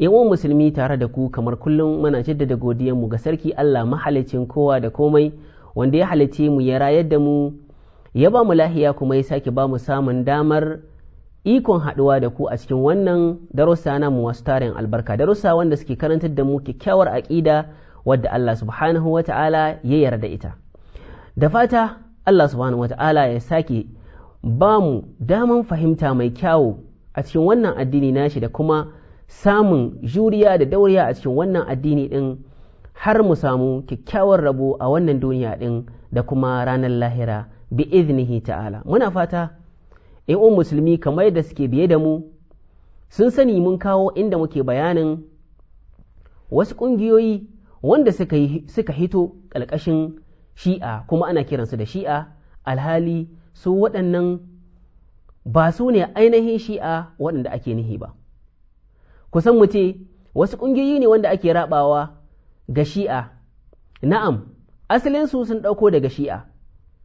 uwan musulmi tare da ku kamar kullum muna jaddada mu ga sarki Allah mahalicin kowa da komai wanda ya halice mu ya rayar da mu ya ba mu lahiya kuma ya sake ba mu samun damar ikon haɗuwa da ku a cikin wannan darussa na mu wasu tarin albarka darussa wanda suke karantar da mu kyakkyawar aƙida wadda Allah subhanahu wa ta'ala ya yarda ita da fata Allah subhanahu wa ta'ala ya sake ba mu daman fahimta mai kyawu a cikin wannan addini nashi da kuma samun juriya da dauriya a cikin wannan addini ɗin har mu samu kyakkyawar rabo a wannan duniya ɗin da kuma ranar lahira bi iznihi ta'ala muna fata in un musulmi kamar da suke biye da mu sun sani mun kawo inda muke bayanin wasu ƙungiyoyi wanda suka hito ƙalƙashin shi'a kuma ana kiransu da shi'a alhali su waɗannan ba su ne ainihin shi'a waɗanda ake nihi ba kusan mu ce wasu ƙungiyoyi ne wanda ake rabawa ga shi'a na'am asalinsu sun ɗauko daga shi'a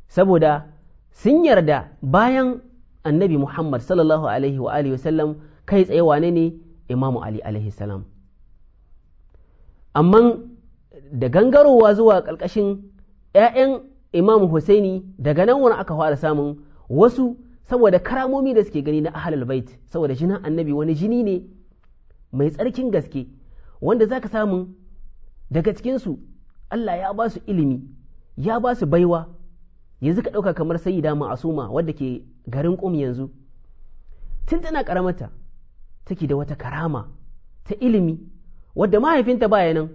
saboda sun yarda bayan annabi muhammad sallallahu alaihi wa alihi wasallam kai tsaye wane ne imamu ali alaihi salam amma da gangarowa zuwa ƙarƙashin 'ya'yan Imam husaini daga nan wani aka fara samun wasu saboda karamomi da suke gani na ahalul bait saboda jinin annabi wani jini ne mai tsarkin gaske wanda za ka samu daga cikinsu Allah ya ba su ilimi ya ba su baiwa yanzu ka ɗauka kamar sayida ma'asuma wadda ke garin ƙum yanzu tun tana ƙaramata take da wata karama ta ilimi wadda mahaifinta baya nan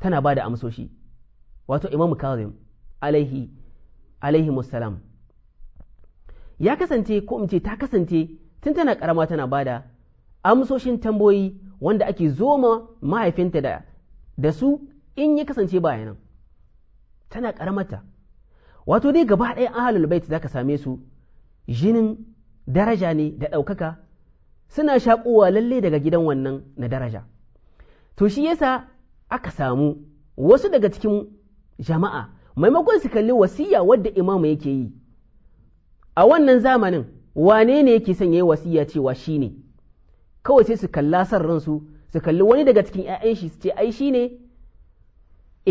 tana ba da amsoshi wato imam kazim alaihi alaihi musalam ya kasance ko in ce ta kasance tun tana karama tana ba da amsoshin tamboyi wanda ake zoma mahaifinta da da su in ya kasance baya nan tana karamata wato dai gaba ɗaya ahalul bait zaka same su jinin daraja ne da ɗaukaka suna shaƙowa lalle daga gidan wannan na daraja to shi yasa aka samu wasu daga cikin jama'a maimakon su kalli wasiya wadda imamu yake yi a wannan zamanin wane ne yake sanya wasiya cewa shi ne kawai sai su kalla san ransu su kalli wani daga cikin 'ya'yan shi su ce ai shi ne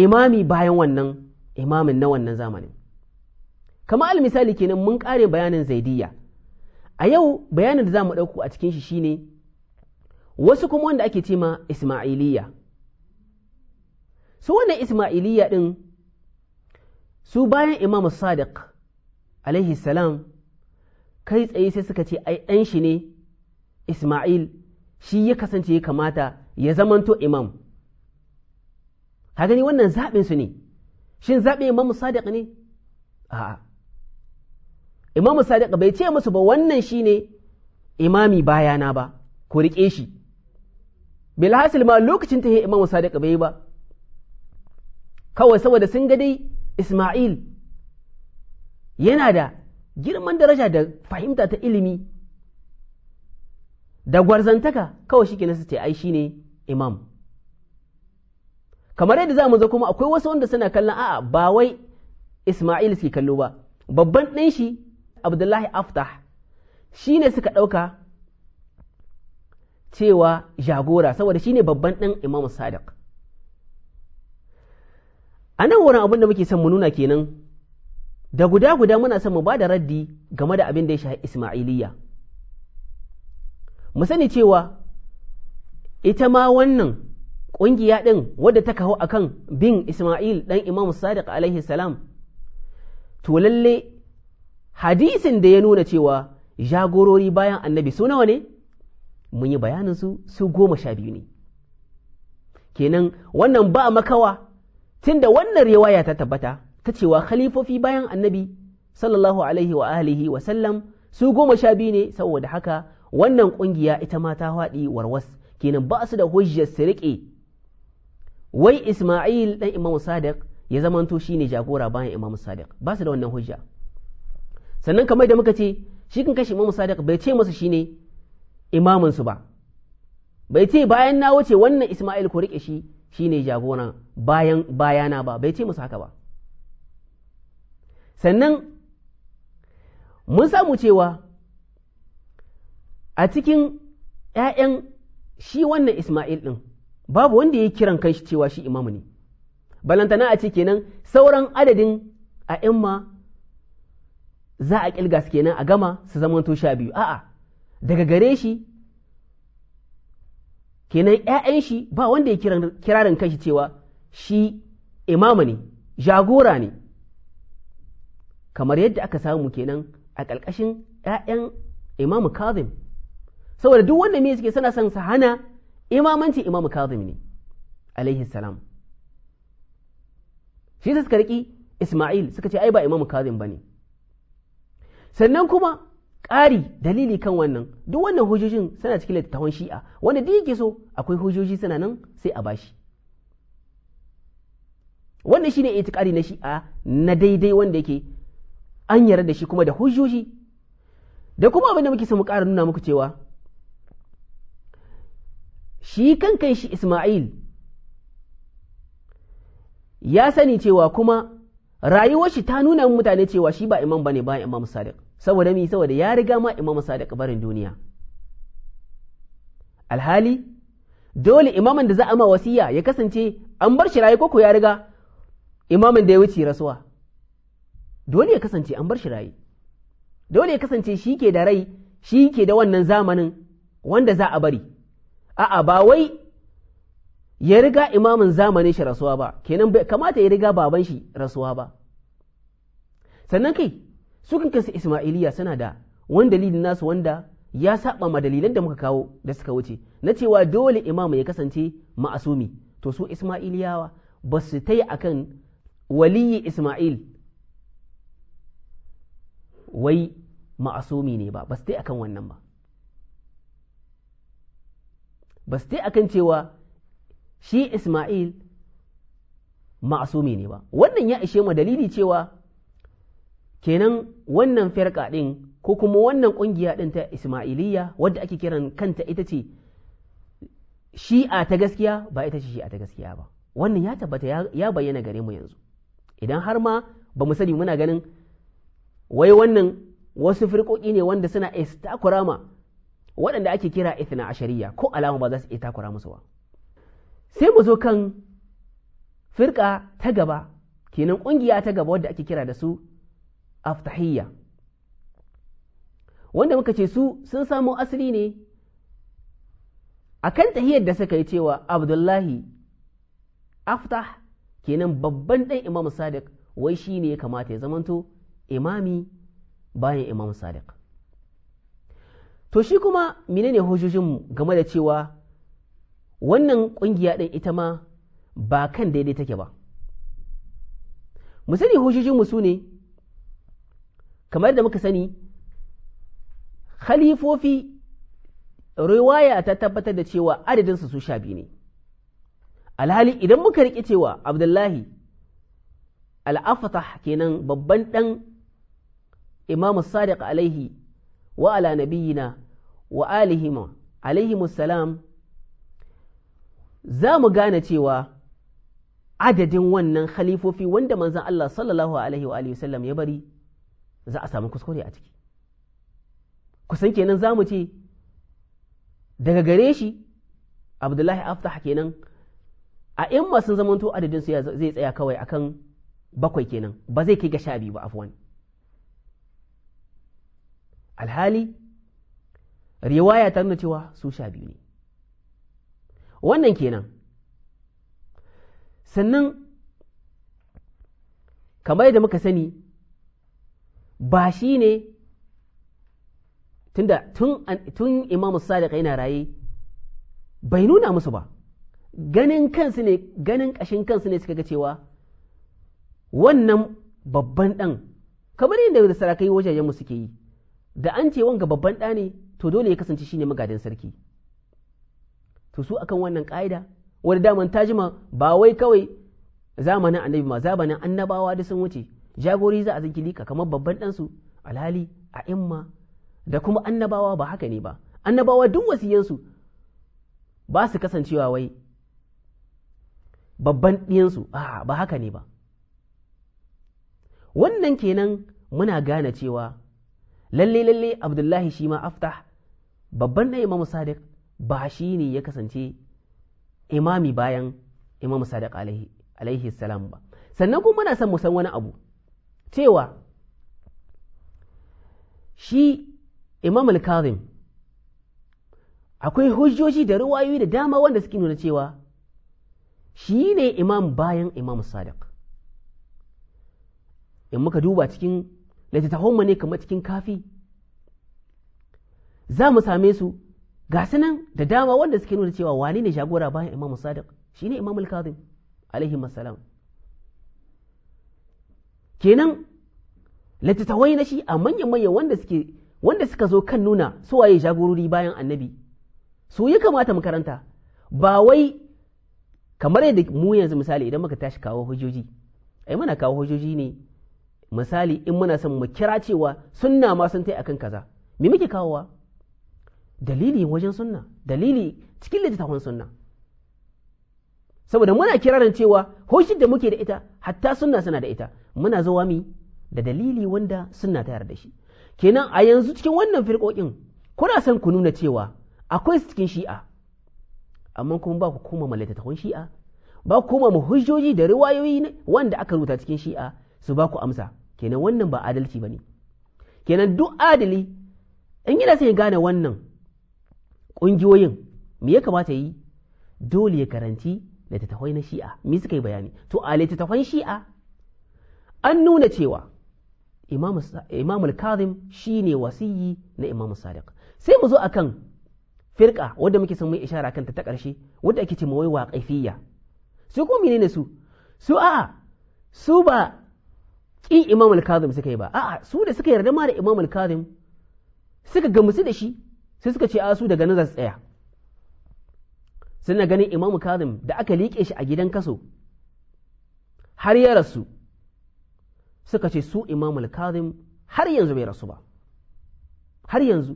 imami bayan wannan imamin na wannan zamanin Kamar al kenan mun kare bayanin zaidiyya a yau bayanin da za mu ɗauko a cikin shi shine wasu kuma wanda ake cema ismailiyya su wannan Isma'iliya ɗin su bayan imam sadiq alaihi salam kai tsaye sai suka ce ai ɗan shi ne ismail shi ya kasance ya kamata ya zamanto imam ka gani wannan zaɓin su ne shin zaɓin imam sadiq ne a'a imam sadiq bai ce musu ba wannan shi ne imami bayana ba ku riƙe shi bilhassil ma lokacin ta yi imam sadiq bai ba kawai saboda sun ga dai isma'il yana da girman daraja da fahimta ta ilimi da gwarzantaka kawai shi kenan su ce ai shine imam kamar yadda za mu zo kuma akwai wasu wanda suna kallon a'a ba wai Ismail suke kallo ba babban ɗan shi Abdullahi Aftah shi ne suka ɗauka cewa jagora saboda shi ne babban ɗan Imam Sadiq a nan wurin abin da muke son mu nuna kenan da guda guda muna son mu ba da raddi game da abin da ya shahi Isma'iliya. mu sani cewa ita ma wannan ƙungiya ɗin wadda ta kawo akan bin Ismail ɗan Imam Sadiq alaihi salam to lalle hadisin da ya nuna cewa jagorori bayan annabi su nawa ne mun yi bayanin su su goma sha biyu ne kenan wannan ba makawa tunda wannan riwaya ta tabbata ta cewa khalifofi bayan annabi sallallahu alaihi wa alihi wa sallam su goma sha biyu ne saboda haka wannan ƙungiya ita ma ta faɗi warwas kenan ba su da hujjar su riƙe wai Ismail dan Imam Sadiq ya zamanto shine jagora bayan Imam Sadiq ba su da wannan hujja sannan kamar da muka ce shi kan kashe Imam Sadiq bai ce masa shine imamin su ba bai ce bayan na wuce wannan Ismail ko riƙe shi shine jagora bayan bayana ba bai ce masa haka ba sannan mun samu cewa a cikin ‘ya'yan shi wannan Ismail ɗin babu wanda ya yi kiran kan shi cewa shi imamu ne, balantana a ce kenan sauran adadin a imma za a ƙilga su kenan a gama su zamanto sha biyu, a'a daga gare shi kenan ‘ya'yan shi ba wanda ya kirarin kan shi cewa shi imamu ne, jagora ne, kamar yadda aka samu kenan a ƙarƙashin ‘ya'yan imamu Kazim. saboda duk wanda me suke sana son sa hana imamanci imamu kazim ne alaihi salam shi suka riki isma'il suka ce ai ba imamu kazim ne. sannan kuma ƙari dalili kan wannan duk wannan hujjojin suna cikin littattafan shi'a wanda duk yake so akwai hujjoji suna nan sai a bashi wannan shine itikari na shi'a na daidai wanda yake an yarda da shi kuma da hujjoji da kuma abin muke so mu ƙara nuna muku cewa shi kai shi Ismail ya sani cewa kuma rayuwar shi ta nuna mutane cewa shi ba imam bane ba imam sadiq saboda mi saboda ya riga ma imam sadiq barin duniya alhali dole imaman da za a ma wasiya ya kasance an bar shi raye koko ya riga imamin da ya wuce rasuwa dole ya kasance an bar shi raye dole ya kasance shi ke da rai shi ke da wannan zamanin wanda za a bari a'a ba wai ya riga imamin zamanin shi rasuwa ba kenan bai kamata ya riga baban shi rasuwa ba sannan kai su kansu ismailiya suna da wani dalilin nasu wanda ya saba ma dalilan da muka kawo da suka wuce na cewa dole imamu ya kasance ma'asumi to su ismailiyawa ba su ta yi akan waliyi ismail wai ma'asumi ne ba ba su ta yi akan wannan ba ba su akan cewa shi Ismail ma'asumi ne ba wannan ya ishe mu dalili cewa kenan wannan firka ɗin ko kuma wannan ƙungiya ɗin ta Ismailiyya wadda ake kiran kanta ita ce shi'a ta gaskiya ba ita ce shi'a ta gaskiya ba wannan ya tabbata ya bayyana gare mu yanzu idan har ma ba mu sani muna ganin wai wannan wasu firƙoƙi ne wanda suna istakurama waɗanda ake kira ithna ashariya ko alama ba za su iya takura musu ba sai mu zo kan firka ta gaba kenan ƙungiya ta gaba wadda ake kira da su aftahiyya wanda muka ce su sun samo asali ne akan tahiyar da suka yi cewa abdullahi aftah kenan babban ɗan imam sadiq wai shi ne ya kamata ya zamanto imami bayan imam sadiq to shi kuma menene hujjojinmu game da cewa wannan ƙungiya ɗin ita ma ba kan daidai take ba mu sani hujjojinmu su ne kamar da muka sani khalifofi riwaya ta tabbatar da cewa adadinsu su sha biyu ne alhali idan muka riƙe cewa abdullahi al'afatah kenan babban ɗan imamu sadiq alaihi wa ala nabiyina wa alihima Salam za mu gane cewa adadin wannan khalifofi wanda manzan Allah sallallahu alaihi wa alihi ya bari za a samu kuskure a ciki kusan kenan za mu ce daga gare shi abdullahi aftah kenan a in masu zamanto adadin su zai tsaya kawai akan bakwai kenan ba zai kai ga sha biyu ba afwan alhali riwaya ta nuna cewa su sha biyu ne wannan kenan sannan kamar yadda muka sani ba shi ne tunda tun imamu sadiq yana raye bai nuna musu ba ganin kansu ne ganin ƙashin kansu ne suka ga cewa wannan babban ɗan kamar yadda da sarakai wajajen mu suke yi da an ce wanga babban ɗa ne to dole ya kasance ne magadin sarki to su akan wannan ƙa'ida wani daman ta jima ba wai kawai zamanin annabi ma zamanin annabawa da sun wuce jagori za a zinkili ka kamar babban ɗansu alhali a imma da kuma annabawa ba haka ne ba annabawa duk wasiyansu ba su kasancewa wai babban ɗiyansu Aa ba haka ne ba wannan kenan muna gane cewa lalle lalle abdullahi shi ma aftah babban na imamu sadiq ba shi ne ya kasance imami bayan imamu sadiq alaihi salam ba sannan kuma muna son mu san wani abu cewa shi imam al-kazim akwai hujjoji da ruwayoyi da dama wanda suke nuna cewa shi ne imam bayan imam sadiq in muka duba cikin mu ne kamar cikin kafi za mu same su ga nan da dama wanda suke nuna cewa wani ne jagora bayan imamu sadiq shi ne al-kazim alaihi masalam kenan littattafai na shi a manyan manyan wanda suke wanda suka zo kan nuna su waye jagorori bayan annabi su ya kamata makaranta. ba wai kamar yadda mu yanzu misali idan muka tashi kawo hujjoji ai mana kawo hujjoji ne misali in muna son mu kira cewa sunna ma sun tai akan kaza me muke kawowa dalili wajen sunna dalili cikin littattafan sunna saboda muna kiraran cewa hoshin da muke da ita hatta sunna suna da ita muna zuwa mi da dalili wanda sunna ta yarda shi kenan a yanzu cikin wannan firƙoƙin kuna san ku nuna cewa akwai su cikin shi'a amma kuma ba ku koma ma shi'a ba ku koma mu hujjoji da riwayoyi wanda aka rubuta cikin shi'a su ba ku amsa kenan wannan ba adalci ba ne kenan duk adali in yana sai ya gane wannan ƙungiyoyin me ya kamata yi dole ya karanci littattafai na shi'a me suka yi bayani to a littattafan shi'a an nuna cewa Imamul kazim shi ne wasiyi na imam sadiq sai mu zo akan firka wadda muke son mu ishara kan ta ƙarshe wadda ake ce mawai waƙaifiyya su kuma menene su su a'a su ba ƙin imam al-kazim suka yi ba a'a su da suka yarda ma da imam al-kazim suka gamsu da shi sai suka ce a su daga nan za tsaya suna ganin imam kazim da aka liƙe shi a gidan kaso har ya rasu suka ce su imam kazim har yanzu bai rasu ba har yanzu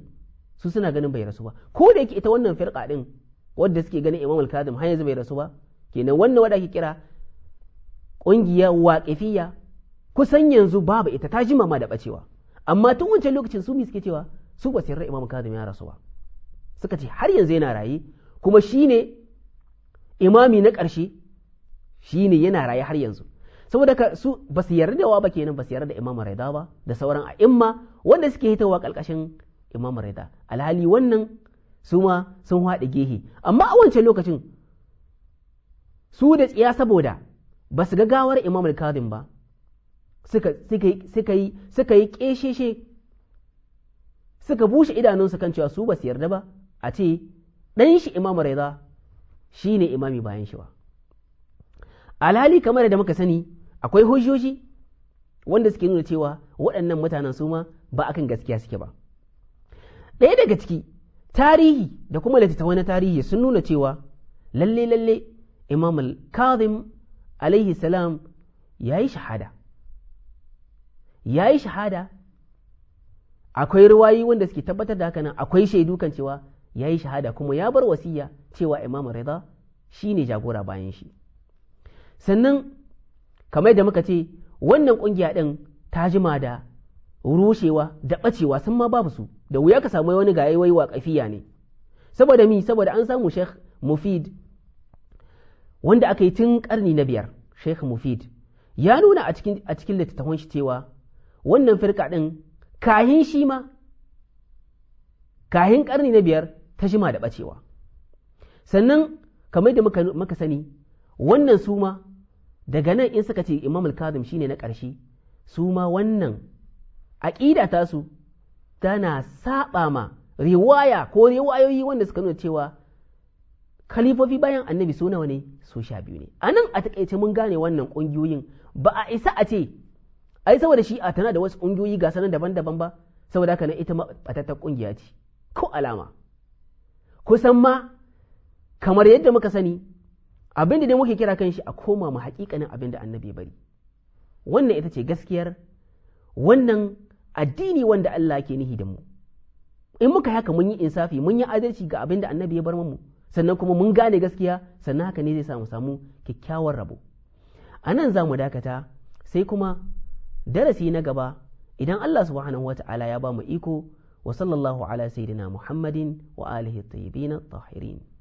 su suna ganin bai rasu ba ko da yake ita wannan firqa din wadda suke ganin imam kazim har yanzu bai rasu ba kenan wannan wanda ake kira ƙungiya waƙifiya kusan yanzu babu ita ta jima ma da bacewa amma tun wancan lokacin su suke cewa su ba sirra imam kazim ya rasu ba suka ce har yanzu yana raye kuma shine imami na ƙarshe shine yana raye har yanzu saboda ka su ba su yarda wa ba kenan ba su yarda imamu raida ba da sauran a a'imma wanda suke hitawa ƙarƙashin imamu raida alhali wannan su ma sun haɗe gehe amma a wancan lokacin su da tsiya saboda ba su ga gawar imamu kazim ba suka yi suka bushe idanunsu kan cewa su ba su yarda ba a ce ɗan shi imamu raiza shi ne imami bayan shi ba alhali kamar da muka sani akwai hujjoji wanda suke nuna cewa waɗannan mutanen su ma ba akan gaskiya suke ba ɗaya daga ciki tarihi da kuma littattafai na tarihi sun nuna cewa lalle lalle imam al-kazim alaihi salam ya yi shahada ya yi shahada akwai ruwayi wanda suke tabbatar da haka nan akwai shaidu kan cewa ya yi shahada kuma ya bar wasiya cewa imam rida shi ne jagora bayan shi sannan kamar da muka ce wannan kungiya ɗin ta jima da rushewa da ɓacewa sun ma babu su da wuya ka samu wani gaye wai waƙafiya ne saboda mi saboda an samu sheikh mufid wanda aka yi tun karni na biyar sheikh mufid ya nuna a cikin littattafan shi cewa wannan firka ɗin kahin shi ma kahin ƙarni na biyar ta shima da ɓacewa sannan kamar da muka sani wannan su ma daga nan in suka ce imam al-kazim shine na ƙarshe su ma wannan aƙida su tana saɓa ma riwaya ko riwayoyi wanda suka nuna cewa kalifofi bayan annabi su nawa ne su sha biyu ne a nan a taƙaice mun gane wannan ƙungiyoyin ba a isa a ce ai saboda shi a tana da wasu ƙungiyoyi ga sanan daban-daban ba saboda haka na ita ma batattar ƙungiya ce ko alama kusan ma kamar yadda muka sani abin da muke kira kan shi a koma mu haƙiƙanin abin da annabi bari wannan ita ce gaskiyar wannan addini wanda Allah ke nihi da mu in muka haka mun yi insafi mun yi adalci ga abin da annabi ya bar mu sannan kuma mun gane gaskiya sannan haka ne zai samu samu kyakkyawar rabo a nan za mu dakata sai kuma darasi na gaba idan Allah subhanahu wata'ala ya ba mu iko wa sallallahu ala sayyidina Muhammadin wa alihi tayyibin tahirin